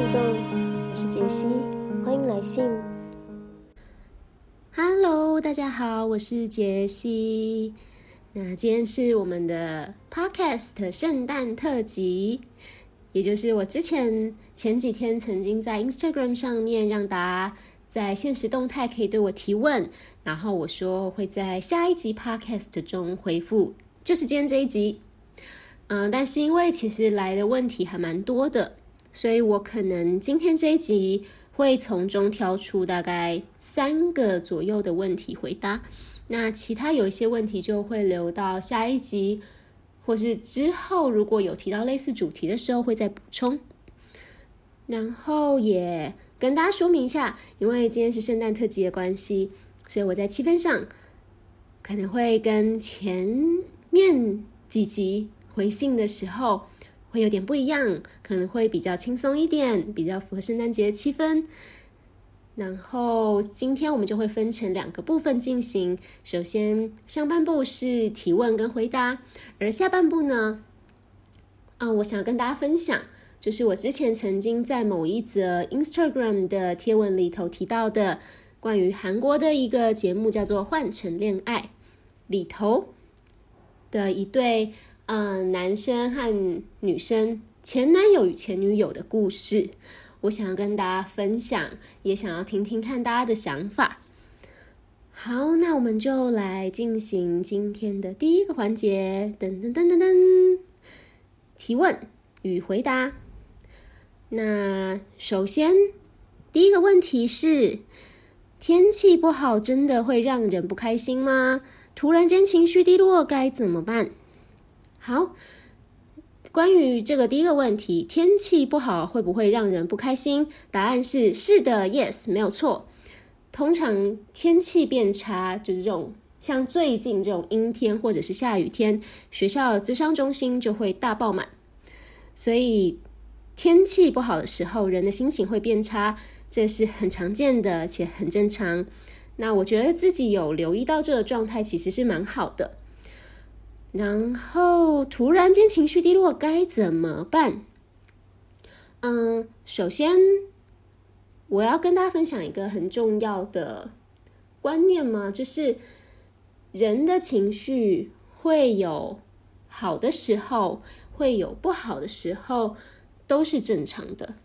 樹洞，我是潔西，歡迎來信。Hello，大家好，我是潔西。那今天是我們的 Podcast 聖誕特輯，也就是我之前前幾天曾經在 Instagram 上面讓大家在限時動態，可以對我提問，然後我說會在下一集 Podcast 中回覆，就是今天這一集。嗯、呃，但是因為其實來的問題還蠻多的。所以，我可能今天這一集會從中挑出大概三個左右的問題回答，那其他有一些問題就會留到下一集，或是之後如果有提到類似主題的時候會再補充。然後也跟大家說明一下，因為今天是聖誕特輯的關係，所以我在氣氛上可能會跟前面幾集回信的時候會有點不一樣，可能會比較輕鬆一點，比較符合聖誕節的氣氛。然後今天我們就會分成兩個部分進行，首先上半部是提問跟回答，而下半部呢，嗯、呃，我想要跟大家分享，就是我之前曾經在某一則 Instagram 的貼文裡頭提到的，關於韓國的一個節目叫做《換乘戀愛》，裡頭的一對。嗯、呃，男生和女生，前男友與前女友的故事，我想要跟大家分享，也想要聽聽看大家的想法。好，那我們就來進行今天的第一個環節，噔噔噔噔噔，提問與回答。那首先，第一個問題是：天氣不好真的會讓人不開心嗎？突然間情緒低落該怎麼辦？好，關於這個第一個問題，天氣不好會不會讓人不開心？答案是是的，Yes，沒有錯。通常天氣變差，就是這種像最近這種陰天或者是下雨天，學校的諮商中心就會大爆滿。所以天氣不好的時候，人的心情會變差，這是很常見的，且很正常。那我覺得自己有留意到這個狀態，其實是蠻好的。然後突然間情緒低落該怎麼辦？嗯，首先我要跟大家分享一個很重要的觀念嘛，就是人的情緒會有好的時候，會有不好的時候，都是正常的。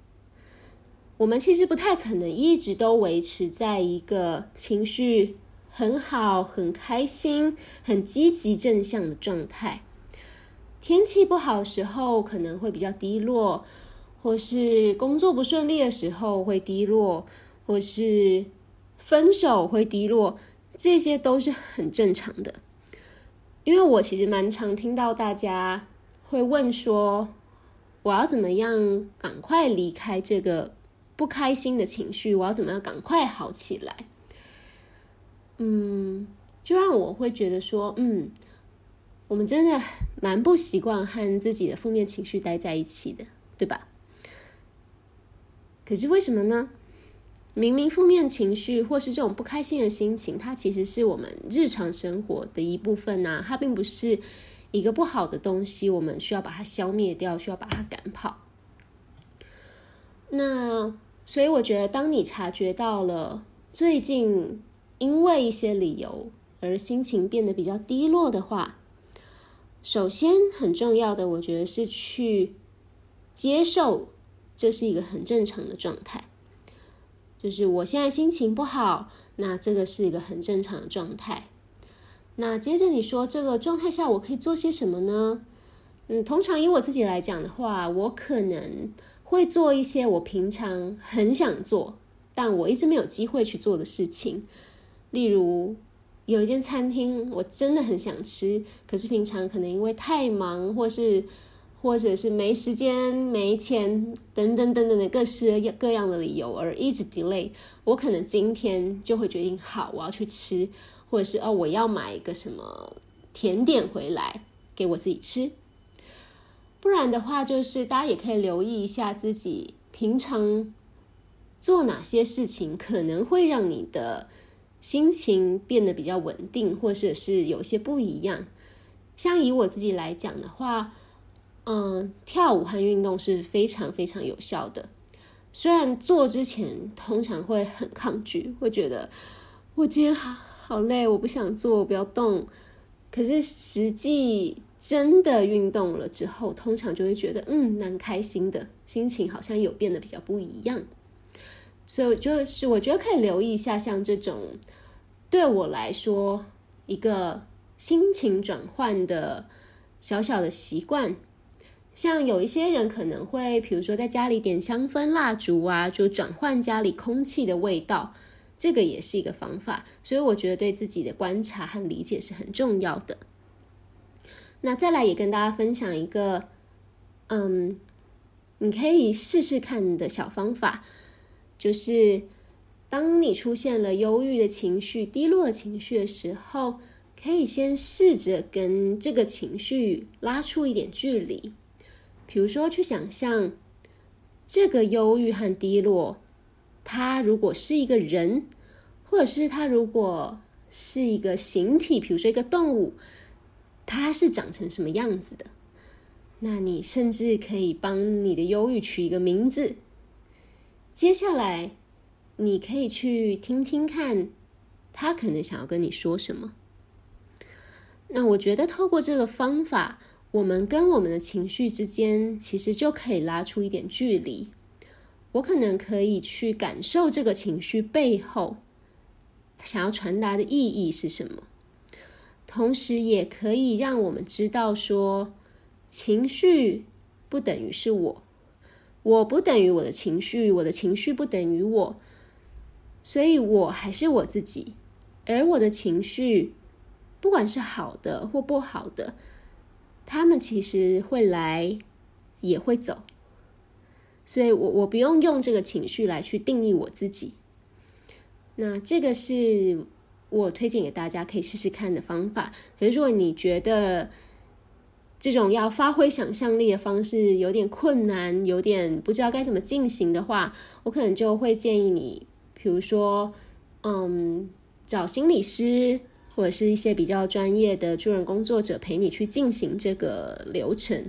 我們其實不太可能一直都維持在一個情緒。很好，很開心，很積極正向的狀態。天氣不好的時候可能會比較低落，或是工作不順利的時候會低落，或是分手會低落，這些都是很正常的。因為我其實蠻常聽到大家會問說，我要怎麼樣趕快離開這個不開心的情緒？我要怎麼樣趕快好起來？嗯，就讓我會覺得說，嗯，我們真的蠻不習慣和自己的負面情緒待在一起的，對吧？可是為什麼呢？明明負面情緒或是這種不開心的心情，它其實是我們日常生活的一部分啊，它並不是一個不好的東西，我們需要把它消滅掉，需要把它趕跑。那所以我覺得，當你察覺到了最近，因為一些理由而心情變得比較低落的話，首先很重要的，我覺得是去接受這是一個很正常的狀態，就是我現在心情不好，那這個是一個很正常的狀態。那接着你說，這個狀態下我可以做些什麼呢？嗯，通常以我自己來講的話，我可能會做一些我平常很想做，但我一直沒有機會去做的事情。例如，有一間餐廳，我真的很想吃，可是平常可能因為太忙，或是或者是沒時間、沒錢等等等等的各式各樣的理由而一直 delay。我可能今天就會決定，好，我要去吃，或者是哦，我要買一個什麼甜點回來給我自己吃。不然的話，就是大家也可以留意一下自己平常做哪些事情可能會讓你的。心情變得比較穩定，或者是有些不一樣。像以我自己來講的話，嗯，跳舞和運動是非常非常有效的。雖然做之前通常會很抗拒，會覺得我今天好好累，我不想做，我不要動。可是實際真的運動了之後，通常就會覺得嗯，蠻開心的，心情好像有變得比較不一樣。所以就是，我覺得可以留意一下，像這種對我來說一個心情轉換的小小的習慣，像有一些人可能會，比如說在家裡點香氛蠟燭啊，就轉換家裡空氣的味道，這個也是一個方法。所以我覺得對自己的觀察和理解是很重要的。那再來也跟大家分享一個，嗯，你可以試試看的小方法。就是當你出現了憂鬱的情緒、低落的情緒的時候，可以先試着跟這個情緒拉出一點距離。比如說，去想象這個憂鬱和低落，它如果是一個人，或者是它如果是一個形體，比如說一個動物，它是長成什麼樣子的？那你甚至可以幫你的憂鬱取一個名字。接下來，你可以去聽聽看，他可能想要跟你說什麼。那我覺得，透過這個方法，我們跟我們的情緒之間，其實就可以拉出一點距離。我可能可以去感受這個情緒背後想要傳達的意義是什麼，同時也可以讓我們知道說，情緒不等於是我。我不等於我的情緒，我的情緒不等於我，所以我還是我自己。而我的情緒，不管是好的或不好的，他們其實會來，也會走。所以我，我我不用用這個情緒來去定義我自己。那這個是我推薦給大家可以試試看的方法。可是，如果你覺得，這種要發揮想象力的方式有點困難，有點不知道該怎麼進行的話，我可能就會建議你，比如說，嗯，找心理師或者是一些比較專業的助人工作者陪你去進行這個流程。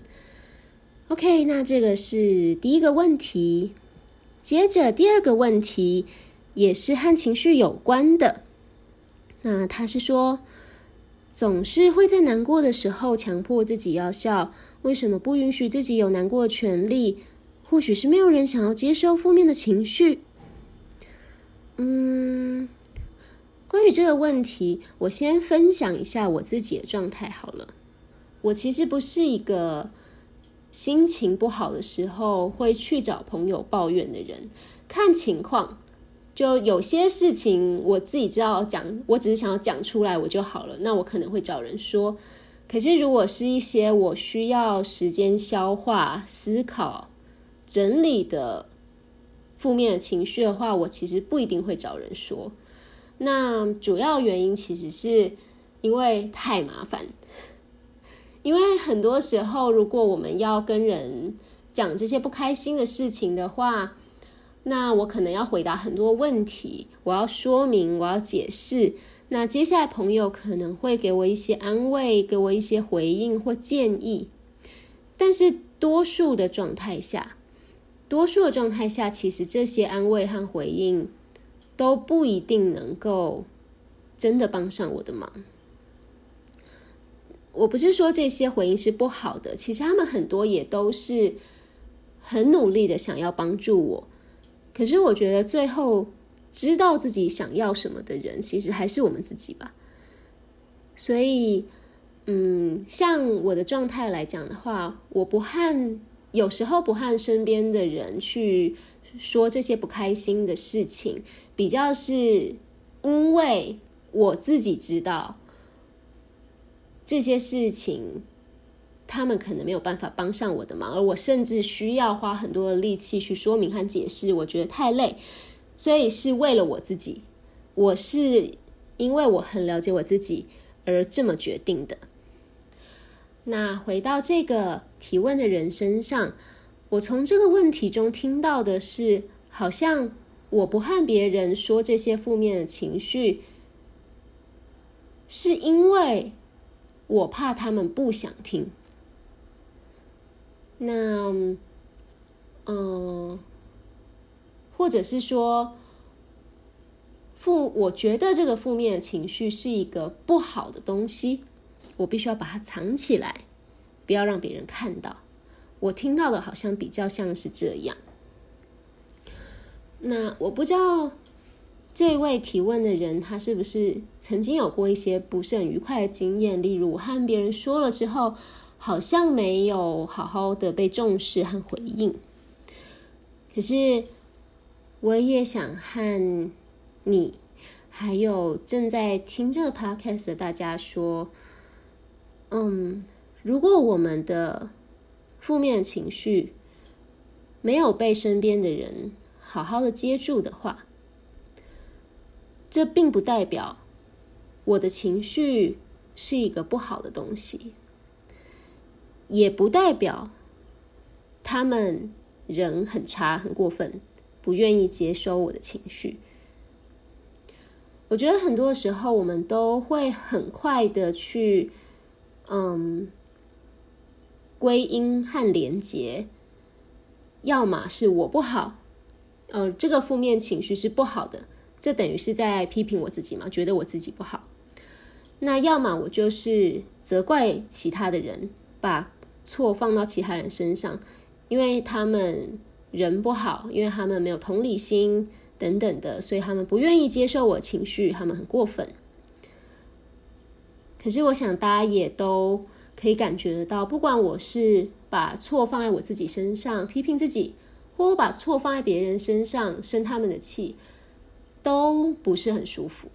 OK，那這個是第一個問題，接着第二個問題也是和情緒有關的，那他是說。總是會在難過的時候強迫自己要笑，為什麼不允許自己有難過的權利？或許是沒有人想要接受負面的情緒。嗯，關於這個問題，我先分享一下我自己的狀態好了。我其實不是一個心情不好的時候會去找朋友抱怨的人，看情況。就有些事情我自己知道講，我只是想要講出來我就好了。那我可能會找人說。可是如果是一些我需要時間消化、思考、整理的負面的情緒的話，我其實不一定會找人說。那主要原因其實是因為太麻煩。因為很多時候，如果我們要跟人講這些不開心的事情的話，那我可能要回答很多問題，我要說明，我要解釋，那接下來朋友可能會給我一些安慰，給我一些回應或建議。但是多數的狀態下，多數的狀態下，其實這些安慰和回應都不一定能夠真的幫上我的忙。我不是說這些回應是不好的，其實他們很多也都是很努力的想要幫助我。可是我覺得最後知道自己想要什麼的人，其實還是我們自己吧。所以，嗯，像我的狀態來講的話，我不和，有時候不和身邊的人去說這些不開心的事情，比較是因為我自己知道這些事情，他們可能沒有辦法幫上我的忙，而我甚至需要花很多的力氣去說明和解釋，我覺得太累，所以是為了我自己，我是因為我很了解我自己而這麼決定的。那回到這個提問的人身上，我從這個問題中聽到的是，好像我不和別人說這些負面的情緒，是因為我怕他們不想聽。那，嗯、呃，或者是說，負，我覺得這個負面的情緒是一個不好的東西，我必須要把它藏起來，不要讓別人看到。我聽到的好像比較像是這樣。那我不知道這位提問的人，他是不是曾經有過一些不是很愉快的經驗，例如我和別人說了之後。好像沒有好好的被重視和回應，可是我也想和你，還有正在聽這個 podcast 的大家說，嗯，如果我們的負面情緒沒有被身邊的人好好的接住的話，這並不代表我的情緒是一個不好的東西。也不代表他們人很差、很過分，不願意接收我的情緒。我覺得很多時候我們都會很快的去，嗯，歸因和連結，要麼是我不好，呃，這個負面情緒是不好的，這等於是在批評我自己嘛，覺得我自己不好。那要麼我就是責怪其他的人。把錯放到其他人身上，因為他們人不好，因為他們沒有同理心等等的，所以他們不願意接受我情緒，他們很過分。可是我想大家也都可以感覺得到，不管我是把錯放在我自己身上批評自己，或我把錯放在別人身上生他們的氣，都不是很舒服。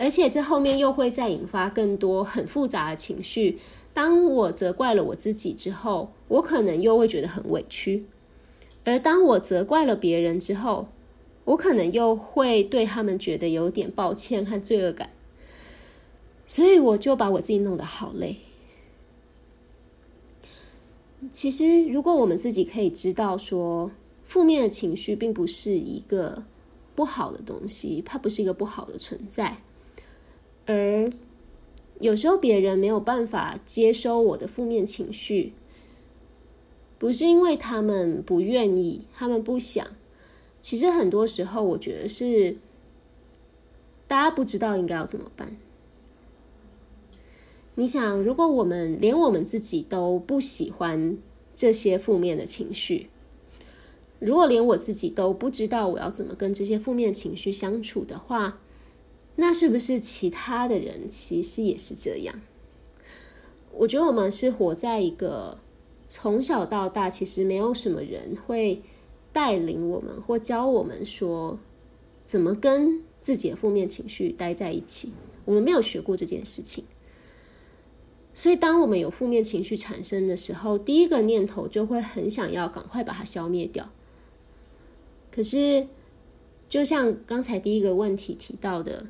而且這後面又會再引發更多很複雜的情緒。當我責怪了我自己之後，我可能又會覺得很委屈；而當我責怪了別人之後，我可能又會對他們覺得有點抱歉和罪惡感。所以我就把我自己弄得好累。其實，如果我們自己可以知道說，負面的情緒並不是一個不好的東西，它不是一個不好的存在。而有時候別人沒有辦法接收我的負面情緒，不是因為他們不願意，他們不想。其實很多時候，我覺得是大家不知道應該要怎麼辦。你想，如果我們連我們自己都不喜歡這些負面的情緒，如果連我自己都不知道我要怎麼跟這些負面情緒相處的話，那是不是其他的人其實也是這樣？我覺得我們是活在一個從小到大，其實沒有什麼人會帶領我們或教我們說怎麼跟自己的負面情緒待在一起。我們沒有學過這件事情，所以當我們有負面情緒產生的時候，第一個念頭就會很想要趕快把它消滅掉。可是，就像剛才第一個問題提到的。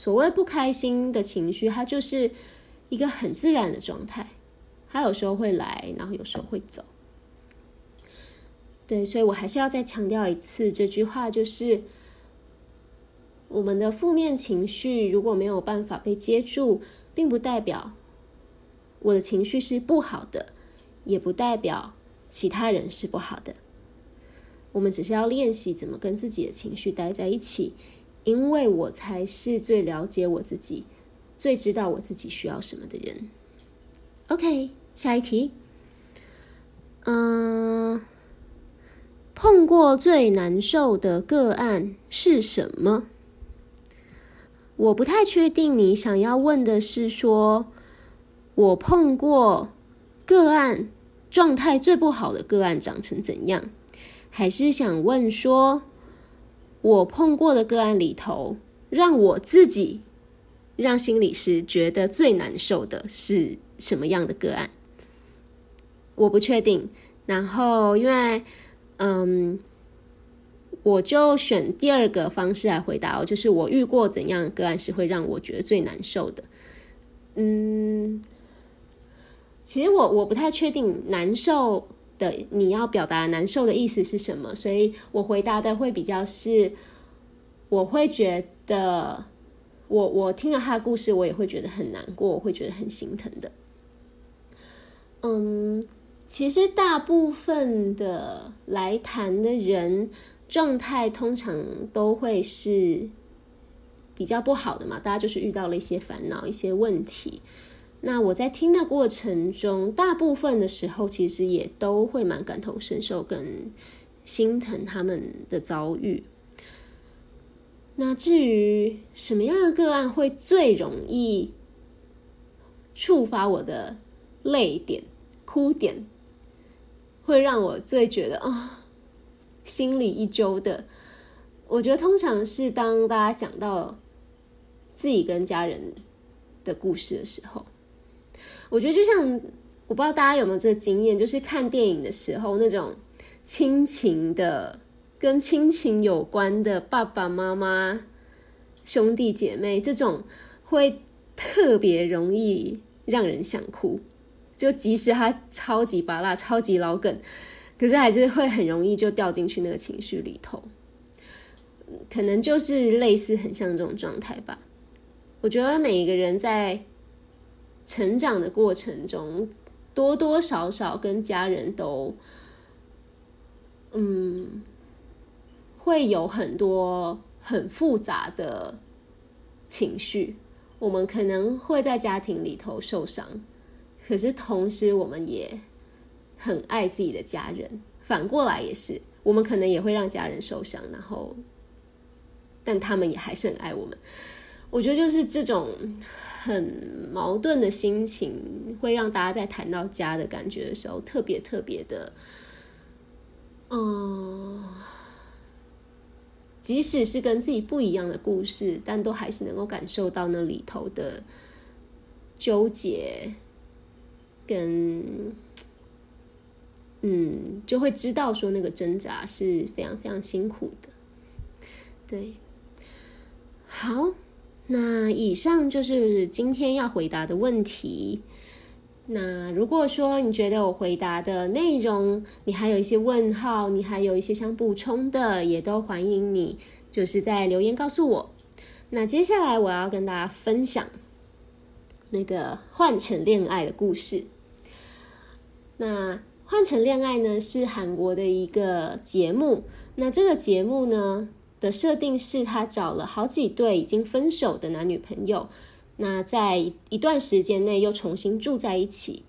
所謂不開心的情緒，它就是一個很自然的狀態，它有時候會來，然後有時候會走。對，所以我還是要再強調一次這句話，就是我們的負面情緒如果沒有辦法被接住，並不代表我的情緒是不好的，也不代表其他人是不好的。我們只是要練習怎麼跟自己的情緒待在一起。因為我才是最了解我自己、最知道我自己需要什麼的人。OK，下一題。嗯，uh，碰過最難受的個案是什麼？我不太確定你想要問的是說，我碰過個案狀態最不好的個案長成怎樣，還是想問說？我碰過的個案裡頭，讓我自己、讓心理師覺得最難受的是什麼樣的個案？我不確定。然後，因為，嗯，我就選第二個方式來回答哦，就是我遇過怎樣的個案是會讓我覺得最難受的。嗯，其實我我不太確定難受，的你要表達難受的意思是什麼？所以我回答的會比較是，我會覺得我，我我聽了他的故事，我也會覺得很難過，我會覺得很心疼的。嗯，其實大部分的來談的人狀態通常都會是比較不好的嘛，大家就是遇到了一些煩惱、一些問題。那我在聽的過程中，大部分的時候其實也都會蠻感同身受，跟心疼他們的遭遇。那至於什麼樣的個案會最容易觸發我的淚點、哭點，會讓我最覺得啊、哦，心裡一揪的，我覺得通常是當大家講到自己跟家人的故事的時候。我覺得就像我不知道大家有沒有這個經驗，就是看電影的時候那種親情的、跟親情有關的爸爸媽媽、兄弟姐妹這種，會特別容易讓人想哭。就即使他超級芭樂、超級老梗，可是還是會很容易就掉進去那個情緒裡頭。嗯，可能就是類似很像這種狀態吧。我覺得每一個人在。成長的過程中，多多少少跟家人都，嗯，會有很多很複雜的情緒。我們可能會在家庭裡頭受傷，可是同時我們也很愛自己的家人。反過來也是，我們可能也會讓家人受傷，然後，但他們也還是很愛我們。我覺得就是這種很矛盾的心情，會讓大家在談到家的感覺的時候，特別特別的，嗯，即使是跟自己不一樣的故事，但都還是能夠感受到那裡頭的糾結，跟嗯，就會知道說那個掙扎是非常非常辛苦的。對，好。那以上就是今天要回答的問題。那如果說你覺得我回答的內容，你還有一些問號，你還有一些想補充的，也都歡迎你，就是在留言告訴我。那接下來我要跟大家分享那個《換乘戀愛》的故事。那《換乘戀愛》呢，是韓國的一個節目。那這個節目呢？的設定是他找了好幾對已經分手的男女朋友，那在一段時間內又重新住在一起，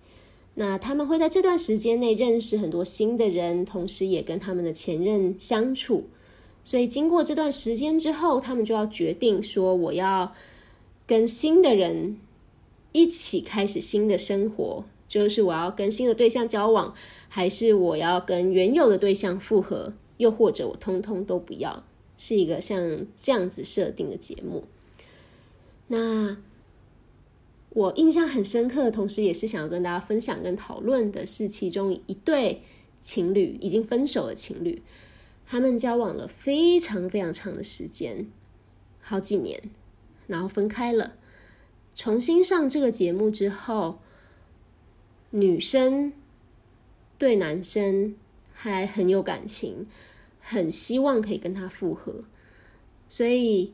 那他們會在這段時間內認識很多新的人，同時也跟他們的前任相處，所以經過這段時間之後，他們就要決定說：我要跟新的人一起開始新的生活，就是我要跟新的對象交往，還是我要跟原有的對象復合，又或者我通通都不要。是一個像這樣子設定的節目。那我印象很深刻的同時也是想要跟大家分享跟討論的是，其中一對情侶，已經分手的情侶，他們交往了非常非常長的時間，好幾年，然後分開了。重新上這個節目之後，女生對男生還很有感情。很希望可以跟他復合，所以，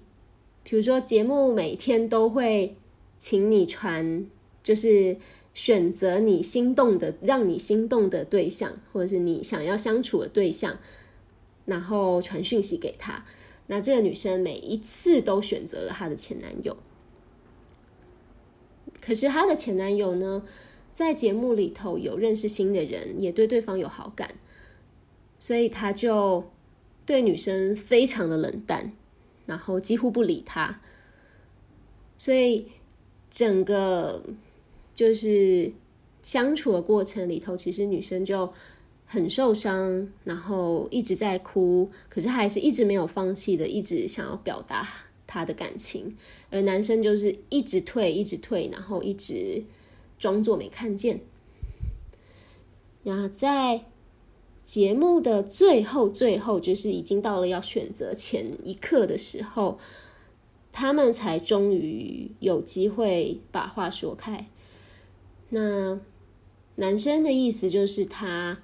比如說節目每天都會請你傳，就是選擇你心動的、讓你心動的對象，或者是你想要相處的對象，然後傳訊息給他。那這個女生每一次都選擇了她的前男友，可是她的前男友呢，在節目裡頭有認識新的人，也對對方有好感，所以他就。對女生非常的冷淡，然後幾乎不理她。所以整個就是相處的過程裡頭，其實女生就很受傷，然後一直在哭，可是還是一直沒有放棄的，一直想要表達她的感情，而男生就是一直退，一直退，然後一直裝作沒看見，然後在。節目的最後，最後就是已經到了要選擇前一刻的時候，他們才終於有機會把話說開。那男生的意思就是，他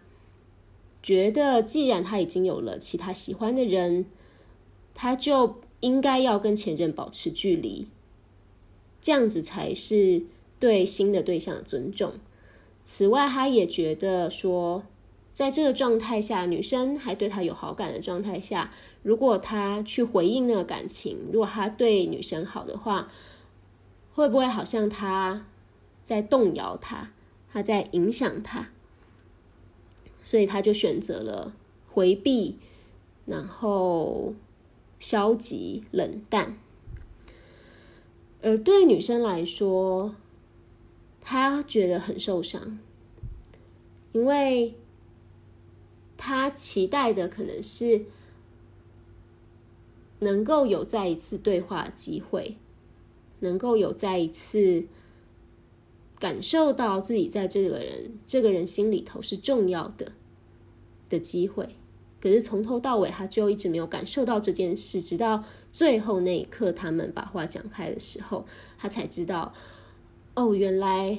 覺得既然他已經有了其他喜歡的人，他就應該要跟前任保持距離，這樣子才是對新的對象的尊重。此外，他也覺得說，在這個狀態下，女生還對他有好感的狀態下，如果他去回應那個感情，如果他對女生好的話，會不會好像他在動搖他，他在影響他？所以他就選擇了回避，然後消極冷淡。而對女生來說，她覺得很受傷，因為他期待的可能是能夠有再一次對話機會，能夠有再一次感受到自己在這個人、這個人心裡頭是重要的的機會。可是從頭到尾，他就一直沒有感受到這件事，直到最後那一刻，他們把話講開的時候，他才知道，哦，原來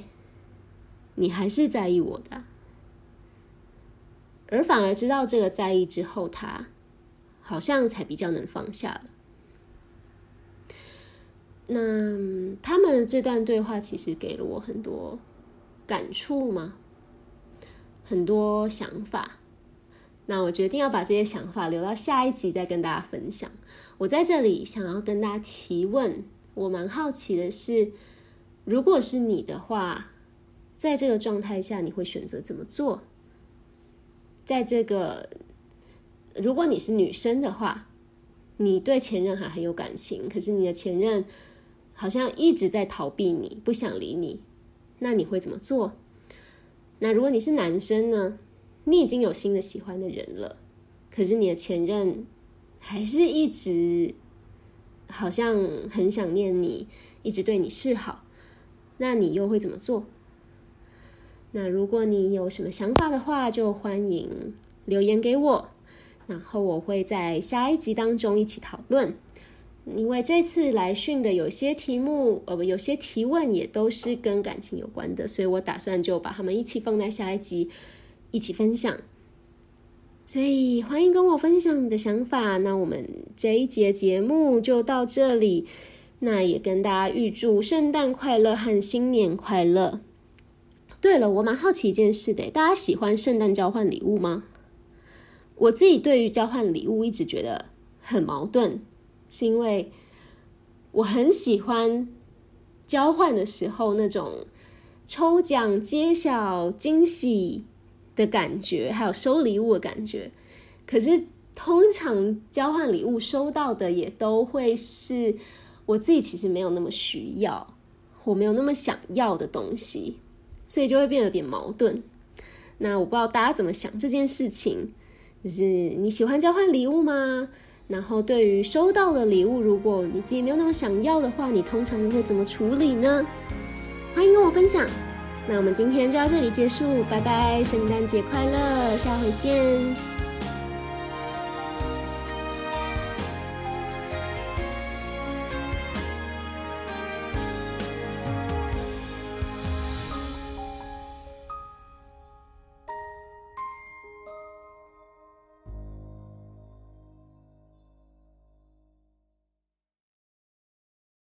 你還是在意我的啊。而反而知道這個在意之後，他好像才比較能放下了。那他們這段對話其實給了我很多感觸嘛，很多想法。那我決定要把這些想法留到下一集再跟大家分享。我在這裡想要跟大家提問，我蠻好奇的是，如果是你的話，在這個狀態下，你會選擇怎麼做？在這個，如果你是女生的話，你對前任還很有感情，可是你的前任好像一直在逃避你，不想理你，那你會怎麼做？那如果你是男生呢？你已經有新的喜歡的人了，可是你的前任還是一直好像很想念你，一直對你示好，那你又會怎麼做？那如果你有什麼想法的話，就歡迎留言給我，然後我會在下一集當中一起討論。因為這次來訊的有些題目，我、呃、不，有些提問也都是跟感情有關的，所以我打算就把它們一起放在下一集一起分享。所以歡迎跟我分享你的想法。那我們這一節節目就到這裡。那也跟大家預祝聖誕快樂和新年快樂。對了，我蠻好奇一件事的，大家喜歡聖誕交換禮物嗎？我自己對於交換禮物一直覺得很矛盾，是因為我很喜歡交換的時候那種抽獎、揭曉、驚喜的感覺，還有收禮物的感覺。可是通常交換禮物收到的也都會是我自己其實沒有那麼需要，我沒有那麼想要的東西。所以就會變得有點矛盾。那我不知道大家怎麼想這件事情，就是你喜歡交換禮物嗎？然後對於收到的禮物，如果你自己沒有那麼想要的話，你通常會怎麼處理呢？歡迎跟我分享。那我們今天就到這裡結束，拜拜，聖誕節快樂，下回見。